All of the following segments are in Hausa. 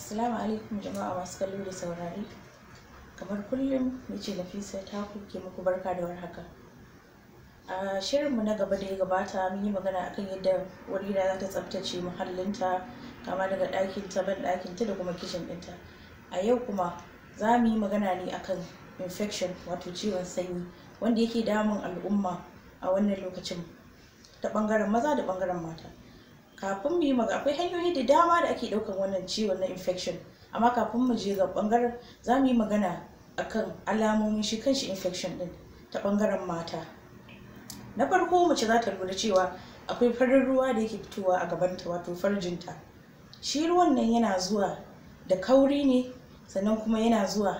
Assalamu alaikum jama'a masu kallo da saurari. Kamar kullum ni ce Nafisa ta ke muku barka da warhaka. A mu na gaba da ya gabata mun yi magana akan yadda walida za ta tsaftace muhallinta kama daga ɗakin ta ban ɗakin ta da kuma kishin ɗinta. A yau kuma za mu yi magana ne akan infection wato ciwon sanyi wanda yake damun al'umma a wannan lokacin ta ɓangaren maza da ɓangaren mata. kafin mu yi maga akwai hanyoyi da dama da ake ɗaukar wannan ciwon na infection amma kafin mu je ga ɓangaren za mu yi magana akan alamomin shi kanshi infection ɗin ta ɓangaren mata na farko mace za ta lura cewa akwai farin ruwa da yake fitowa a gabanta wato farjinta shi ruwan nan yana zuwa da kauri ne sannan kuma yana zuwa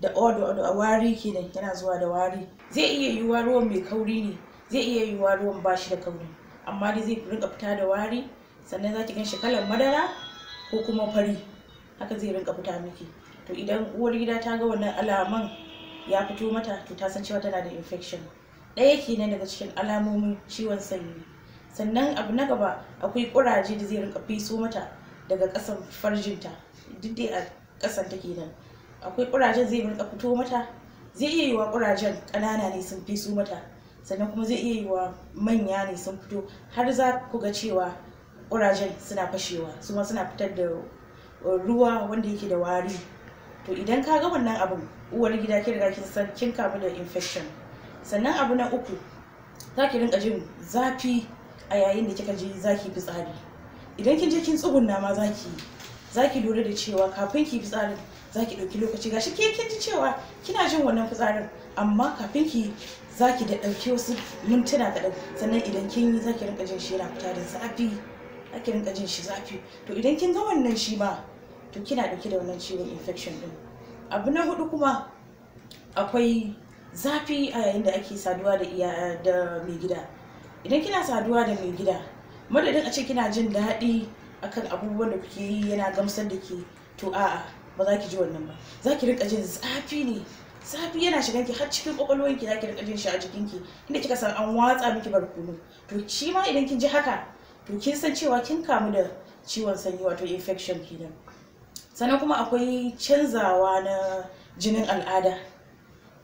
da odo a wari kenan yana zuwa da wari zai iya yiwuwa ruwan mai kauri ne zai iya yiwuwa ruwan ba shi da kauri amma dai zai rinka fita da wari sannan za ki ganshi shi kalan madara ko kuma fari haka zai rinka fita miki to idan uwar gida ta ga wannan alaman ya fito mata to ta san cewa tana da infection ɗaya kenan daga cikin alamomin ciwon sanyi sannan abu na gaba akwai ƙuraje da zai rinka fiso mata daga ƙasan farjinta duk dai a ƙasan ta kenan akwai ƙurajen zai rinka fito mata zai iya yiwa ƙurajen ƙanana ne sun fiso mata sannan kuma zai iya yiwa manya ne sun fito har za ku ga cewa ƙurajen suna fashewa ma suna fitar da ruwa wanda yake da wari to idan ka ga wannan abin uwar gida ki riga kin san kin kamu da infection sannan abu na uku za ki rinka jin zafi a yayin da kika je zaki fitsari idan kin je kin tsugunna ma zaki ki za lura da cewa kafin ki fitsarin zaki dauki ɗauki lokaci gashi ke kin ji cewa kina jin wannan fitsarin amma kafin ki zaki da dauki wasu mintuna kaɗan sannan idan kin yi zaki rinka jin shi yana fita da zafi ake rinka jin shi zafi to idan kin ga wannan shi ma to kina dauke da wannan ciwon infection din abu na hudu kuma akwai zafi a yayin da ake saduwa da iya da mai gida idan kina saduwa da mai gida madadin a ce kina jin daɗi akan abubuwan da kuke yi yana gamsar da ke to a'a ba za ki ji wannan ba za ki rinka jin zafi ne zafi yana shigan ki har cikin kwakwalwanki za ki rinka jin shi a jikinki inda kika san an watsa miki barkono to shi ma idan kin ji haka to kin san cewa kin kamu da ciwon sanyi wato infection kenan sannan kuma akwai canzawa na jinin al'ada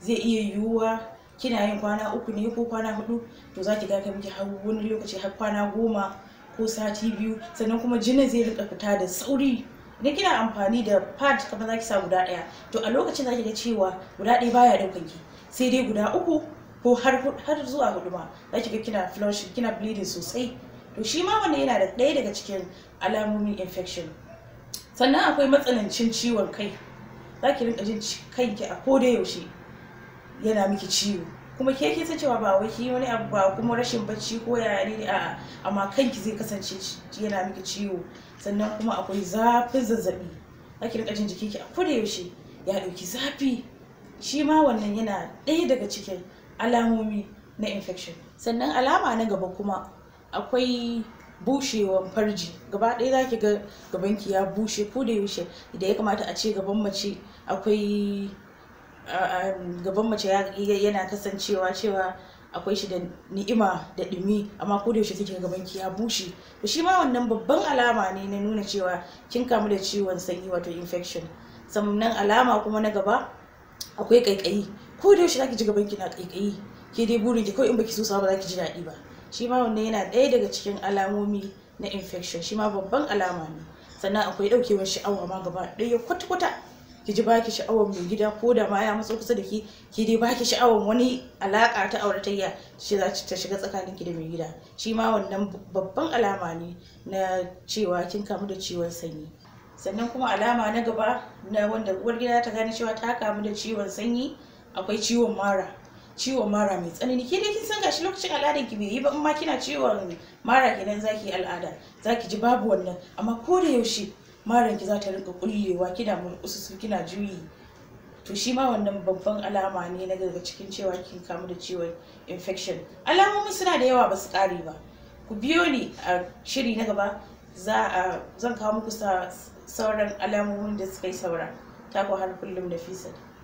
zai iya yiwuwa kina yin kwana uku ne ko kwana hudu to za ki ga kai miki har wani lokaci har kwana goma ko sati biyu sannan kuma jinin zai rika fita da sauri idan kina amfani da pad kamar za sa guda ɗaya to a lokacin za ki ga cewa guda ɗaya baya ɗaukan ki sai dai guda uku ko har zuwa hudu ma za ki ga kina flushing kina bleeding sosai to shi ma wanda yana da ɗaya daga cikin alamomin infection sannan akwai matsanancin ciwon kai za ki rinka jin kanki a koda yaushe yana miki ciwo kuma ke ke cewa ba wai ki wani abu ba kuma rashin bacci ko yaya ne a amma kanki zai kasance yana miki ciwo sannan kuma akwai zafin zazzabi za ki rinka jin ki a koda yaushe ya ɗauki zafi shi ma wannan yana ɗaya daga cikin alamomi na infection sannan alama na gaba kuma akwai bushewar farji gaba ɗaya za ki ga gabanki ya bushe ko da yaushe da ya kamata a ce gaban mace akwai gaban mace yana kasancewa cewa akwai shi da ni'ima da ɗumi amma ko da yaushe take ki ya bushe to shi ma wannan babban alama ne na nuna cewa kin kamu da ciwon sanyi wato infection sannan alama kuma na gaba akwai ƙaiƙayi ko da yaushe zaki ji gaban ki na kaikayi ke dai burin ki ko in baki so ba za ji daɗi ba shi ma yana ɗaya daga cikin alamomi na infection shi ma babban alama ne sannan akwai ɗaukewar sha'awa ma gaba ɗaya kwata-kwata ki ji baki sha'awar mai gida ko da ma ya matso kusa da ki ki dai baki sha'awar wani alaka ta auratayya shi za ta shiga tsakanin ki da mai gida shi ma wannan babban alama ne na cewa kin kamu da ciwon sanyi sannan kuma alama na gaba na wanda uwar gida ta gane cewa ta kamu da ciwon sanyi akwai ciwon mara ciwon mara mai tsanani ke dai kin san gashi lokacin al'adar ki bai yi ba amma kina ciwon mara kenan zaki al'ada zaki ji babu wannan amma ko da yaushe maran ki za ta rinka kullewa kina murƙusu kina juyi to shi ma wannan babban alama ne na daga cikin cewa kin kamu da ciwon infection alamomin suna da yawa ba su kare ba ku biyo ni a shiri na gaba za a zan kawo muku sauran alamomin da suka yi saura ta ku har kullum da